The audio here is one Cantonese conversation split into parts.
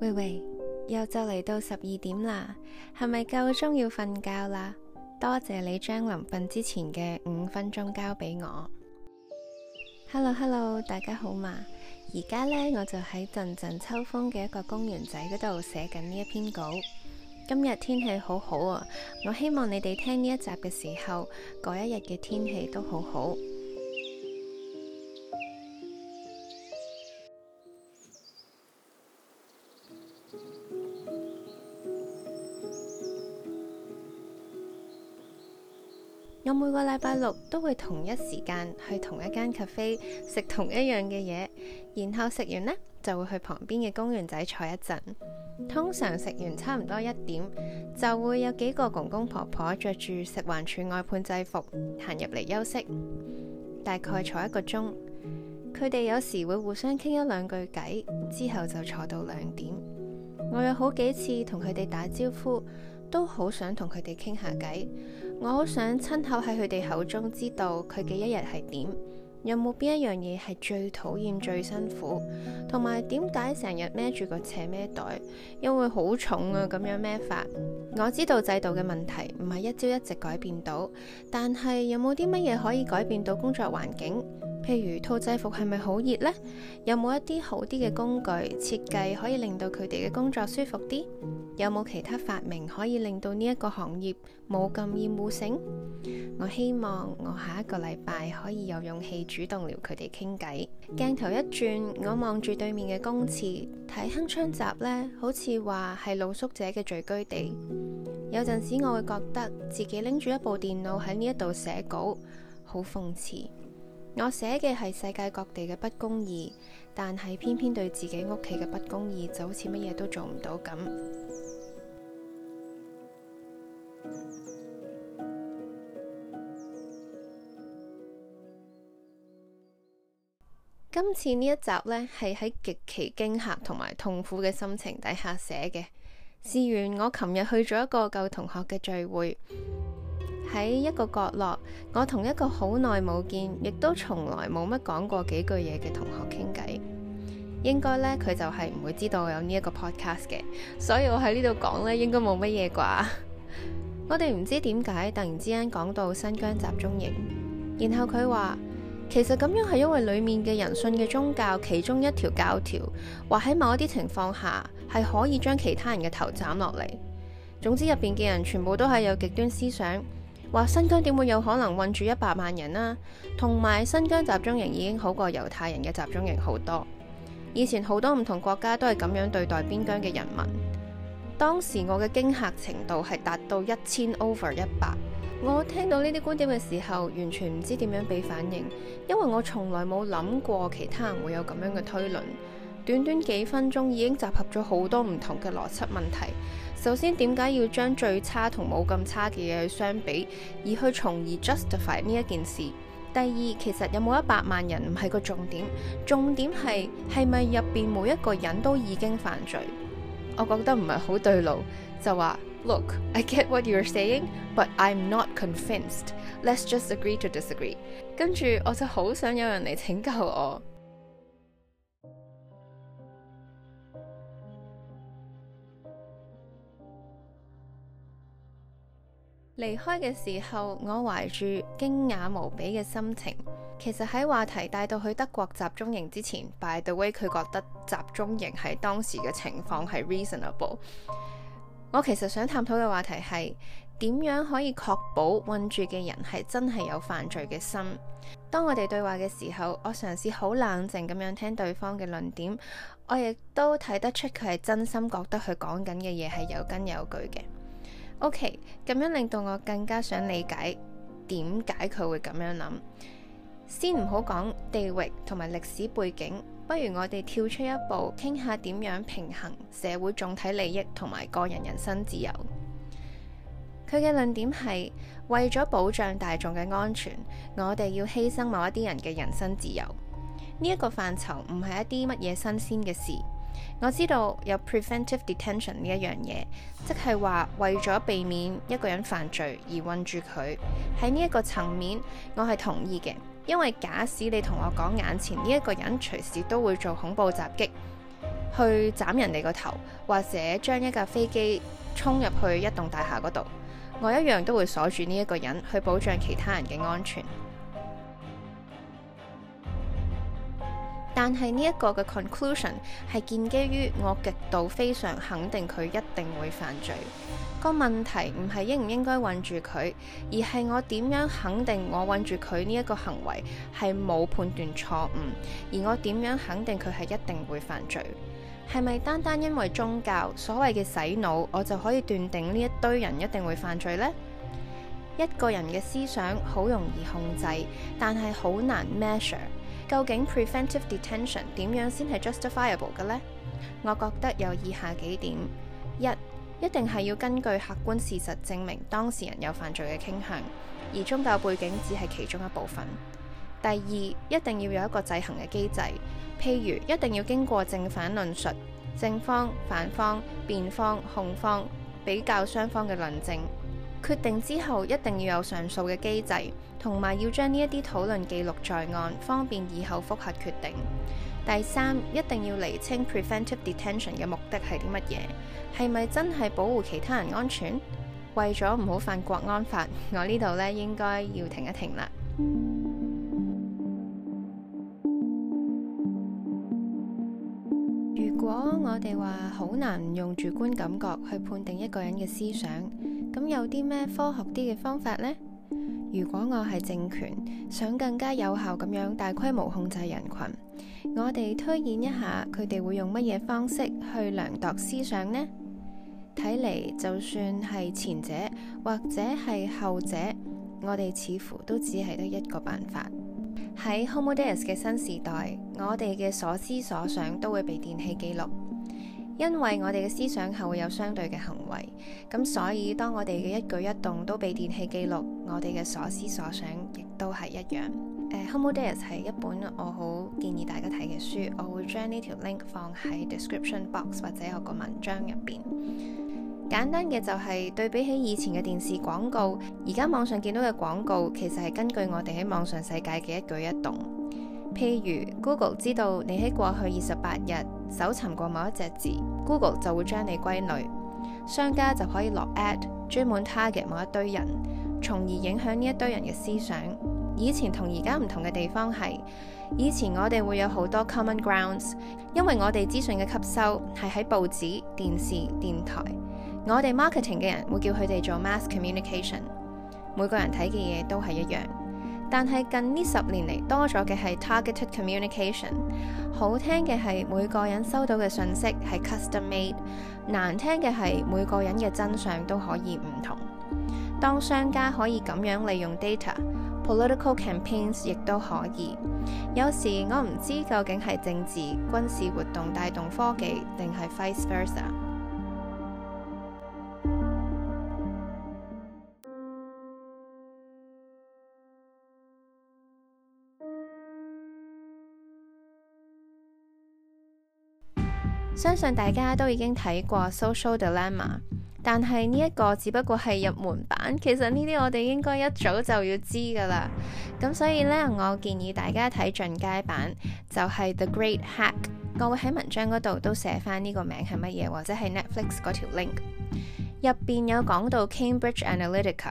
喂喂，又就嚟到十二點啦，係咪夠鐘要瞓覺啦？多謝你將臨瞓之前嘅五分鐘交俾我。Hello Hello，大家好嘛？而家呢，我就喺陣陣秋風嘅一個公園仔嗰度寫緊呢一篇稿。今日天氣好好啊！我希望你哋聽呢一集嘅時候，嗰一日嘅天氣都好好。我每個禮拜六都會同一時間去同一間 cafe 食同一樣嘅嘢，然後食完呢就會去旁邊嘅公園仔坐一陣。通常食完差唔多一點，就會有幾個公公婆婆着住食環署外判制服行入嚟休息，大概坐一個鐘。佢哋有時會互相傾一兩句偈，之後就坐到兩點。我有好幾次同佢哋打招呼，都好想同佢哋傾下偈。我好想親口喺佢哋口中知道佢嘅一日係點，有冇邊一樣嘢係最討厭最辛苦，同埋點解成日孭住個斜孭袋，又會好重啊，咁樣孭法。我知道制度嘅問題唔係一朝一夕改變到，但係有冇啲乜嘢可以改變到工作環境？譬如套制服係咪好熱呢？有冇一啲好啲嘅工具設計可以令到佢哋嘅工作舒服啲？有冇其他發明可以令到呢一個行業冇咁厭惡性？我希望我下一個禮拜可以有勇氣主動撩佢哋傾偈。鏡頭一轉，我望住對面嘅公廁，睇鏗鏘集呢，好似話係露宿者嘅聚居地。有陣時我會覺得自己拎住一部電腦喺呢一度寫稿，好諷刺。我寫嘅係世界各地嘅不公義，但係偏偏對自己屋企嘅不公義就好似乜嘢都做唔到咁。 今次呢一集呢，係喺極其驚嚇同埋痛苦嘅心情底下寫嘅。事緣我琴日去咗一個舊同學嘅聚會。喺一個角落，我同一個好耐冇見，亦都從來冇乜講過幾句嘢嘅同學傾偈。應該呢，佢就係唔會知道我有呢一個 podcast 嘅，所以我喺呢度講呢，應該冇乜嘢啩。 我哋唔知點解突然之間講到新疆集中營，然後佢話其實咁樣係因為裏面嘅人信嘅宗教其中一條教條，話喺某一啲情況下係可以將其他人嘅頭斬落嚟。總之入邊嘅人全部都係有極端思想。話新疆點會有可能困住一百萬人啊？同埋新疆集中營已經好過猶太人嘅集中營好多。以前好多唔同國家都係咁樣對待邊疆嘅人民。當時我嘅驚嚇程度係達到一千 over 一百。我聽到呢啲觀點嘅時候，完全唔知點樣俾反應，因為我從來冇諗過其他人會有咁樣嘅推論。短短幾分鐘已經集合咗好多唔同嘅邏輯問題。首先，點解要將最差同冇咁差嘅嘢去相比，而去從而 justify 呢一件事？第二，其實有冇一百萬人唔係個重點，重點係係咪入邊每一個人都已經犯罪？我覺得唔係好對路，就話 Look，I get what you're saying，but I'm not convinced。Let's just agree to disagree。跟住我就好想有人嚟拯救我。離開嘅時候，我懷住驚訝無比嘅心情。其實喺話題帶到去德國集中營之前 ，By the way，佢覺得集中營係當時嘅情況係 reasonable。我其實想探討嘅話題係點樣可以確保困住嘅人係真係有犯罪嘅心。當我哋對話嘅時候，我嘗試好冷靜咁樣聽對方嘅論點，我亦都睇得出佢係真心覺得佢講緊嘅嘢係有根有據嘅。O.K. 咁樣令到我更加想理解點解佢會咁樣諗。先唔好講地域同埋歷史背景，不如我哋跳出一步，傾下點樣平衡社會總體利益同埋個人人身自由。佢嘅論點係為咗保障大眾嘅安全，我哋要犧牲某一啲人嘅人身自由。呢、這個、一個範疇唔係一啲乜嘢新鮮嘅事。我知道有 preventive detention 呢一樣嘢，即係話為咗避免一個人犯罪而困住佢。喺呢一個層面，我係同意嘅，因為假使你同我講，眼前呢一個人隨時都會做恐怖襲擊，去斬人哋個頭，或者將一架飛機衝入去一棟大廈嗰度，我一樣都會鎖住呢一個人去保障其他人嘅安全。但係呢一個嘅 conclusion 係建基於我極度非常肯定佢一定會犯罪。個問題唔係應唔應該困住佢，而係我點樣肯定我困住佢呢一個行為係冇判斷錯誤，而我點樣肯定佢係一定會犯罪？係咪單單因為宗教所謂嘅洗腦，我就可以斷定呢一堆人一定會犯罪呢？一個人嘅思想好容易控制，但係好難 measure。究竟 preventive detention 點樣先係 justifiable 嘅呢？我覺得有以下幾點：一，一定係要根據客觀事實證明當事人有犯罪嘅傾向，而宗教背景只係其中一部分；第二，一定要有一個制衡嘅機制，譬如一定要經過正反論述，正方、反方、辯方、控方比較雙方嘅論證。決定之後一定要有上訴嘅機制，同埋要將呢一啲討論記錄在案，方便以後複核決定。第三，一定要釐清 preventive detention 嘅目的係啲乜嘢，係咪真係保護其他人安全？為咗唔好犯國安法，我呢度咧應該要停一停啦。 如果我哋話好難用主觀感覺去判定一個人嘅思想，咁有啲咩科學啲嘅方法呢？如果我係政權，想更加有效咁樣大規模控制人群，我哋推演一下，佢哋會用乜嘢方式去量度思想呢？睇嚟就算係前者或者係後者，我哋似乎都只係得一個辦法。喺 Homo Deus 嘅新時代，我哋嘅所思所想都會被電器記錄。因為我哋嘅思想係會有相對嘅行為，咁所以當我哋嘅一舉一動都被電器記錄，我哋嘅所思所想亦都係一樣。誒，《Homo Deus》係一本我好建議大家睇嘅書，我會將呢條 link 放喺 description box 或者有個文章入邊。簡單嘅就係、是、對比起以前嘅電視廣告，而家網上見到嘅廣告其實係根據我哋喺網上世界嘅一舉一動。譬如 Google 知道你喺過去二十八日搜尋過某一隻字，Google 就會將你歸類，商家就可以落 ad 專門 target 某一堆人，從而影響呢一堆人嘅思想。以前同而家唔同嘅地方係，以前我哋會有好多 common grounds，因為我哋資訊嘅吸收係喺報紙、電視、電台，我哋 marketing 嘅人會叫佢哋做 mass communication，每個人睇嘅嘢都係一樣。但係近呢十年嚟多咗嘅係 targeted communication，好聽嘅係每個人收到嘅訊息係 custom made，難聽嘅係每個人嘅真相都可以唔同。當商家可以咁樣利用 data，political campaigns 亦都可以。有時我唔知究竟係政治、軍事活動帶動科技，定係 vice versa。相信大家都已經睇過 Social Dilemma，但係呢一個只不過係入門版，其實呢啲我哋應該一早就要知㗎喇。咁所以呢，我建議大家睇進階版，就係 The Great Hack。我會喺文章嗰度都寫返呢個名係乜嘢，或者係 Netflix 嗰條 link。入邊有講到 Cambridge Analytica。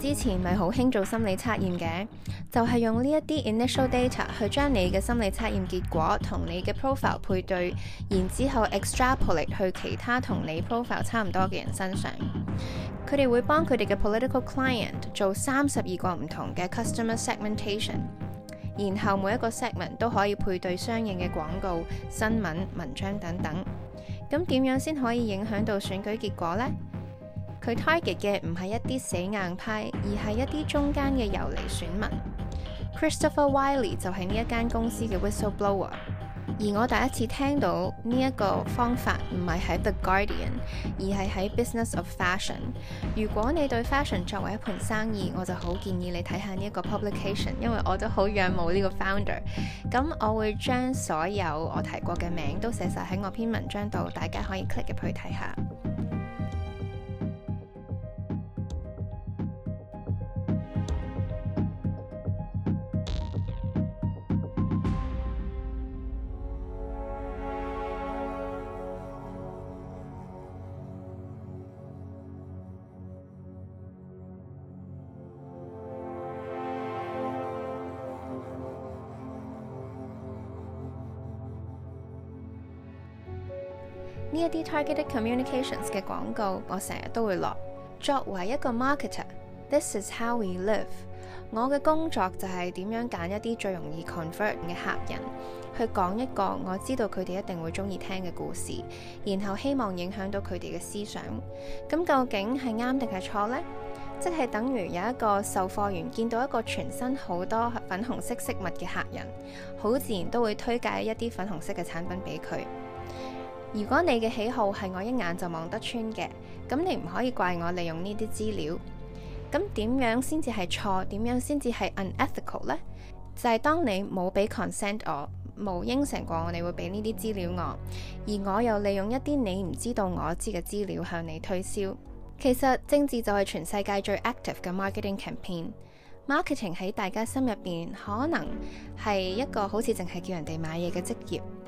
之前咪好興做心理測驗嘅，就係用呢一啲 initial data 去將你嘅心理測驗結果同你嘅 profile 配對，然之後 extrapolate 去其他同你 profile 差唔多嘅人身上，佢哋會幫佢哋嘅 political client 做三十二個唔同嘅 customer segmentation，然後每一個 segment 都可以配對相應嘅廣告、新聞、文章等等，咁點樣先可以影響到選舉結果呢？佢 target 嘅唔係一啲死硬派，而係一啲中間嘅遊離選民。Christopher Wiley 就係呢一間公司嘅 whistleblower。而我第一次聽到呢一個方法，唔係喺 The Guardian，而係喺 Business of Fashion。如果你對 fashion 作為一盤生意，我就好建議你睇下呢一個 publication，因為我都好仰慕呢個 founder。咁我會將所有我提過嘅名都寫晒喺我篇文章度，大家可以 click 入去睇下。一啲 targeted communications 嘅廣告，我成日都會落。作為一個 marketer，this is how we live。我嘅工作就係點樣揀一啲最容易 convert 嘅客人，去講一個我知道佢哋一定會中意聽嘅故事，然後希望影響到佢哋嘅思想。咁究竟係啱定係錯呢？即係等於有一個售貨員見到一個全身好多粉紅色飾物嘅客人，好自然都會推介一啲粉紅色嘅產品俾佢。如果你嘅喜好係我一眼就望得穿嘅，咁你唔可以怪我利用呢啲資料。咁點樣先至係錯？點樣先至係 unethical 呢？就係當你冇俾 consent，我冇應承過我哋會俾呢啲資料我，而我又利用一啲你唔知道我知嘅資料向你推銷。其實政治就係全世界最 active 嘅 marketing campaign。Marketing 喺大家心入邊可能係一個好似淨係叫人哋買嘢嘅職業。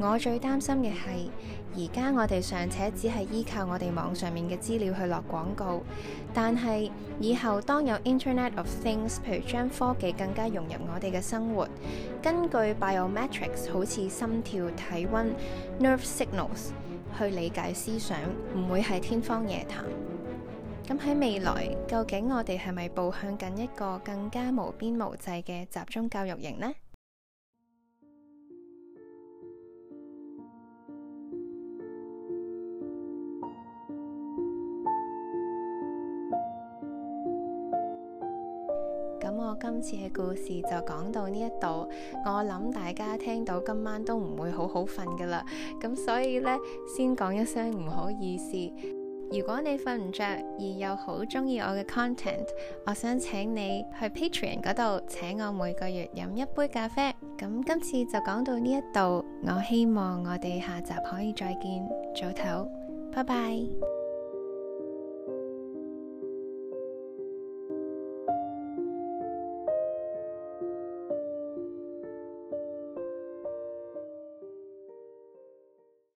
我最擔心嘅係，而家我哋尚且只係依靠我哋網上面嘅資料去落廣告，但係以後當有 Internet of Things，譬如將科技更加融入我哋嘅生活，根據 biometrics 好似心跳、體温、nerve signals 去理解思想，唔會係天方夜譚。咁喺未來，究竟我哋係咪步向緊一個更加無邊無際嘅集中教育營呢？今次嘅故事就講到呢一度，我諗大家聽到今晚都唔會好好瞓噶啦，咁所以呢，先講一聲唔好意思。如果你瞓唔着而又好中意我嘅 content，我想請你去 Patreon 嗰度請我每個月飲一杯咖啡。咁今次就講到呢一度，我希望我哋下集可以再見。早唞，拜拜。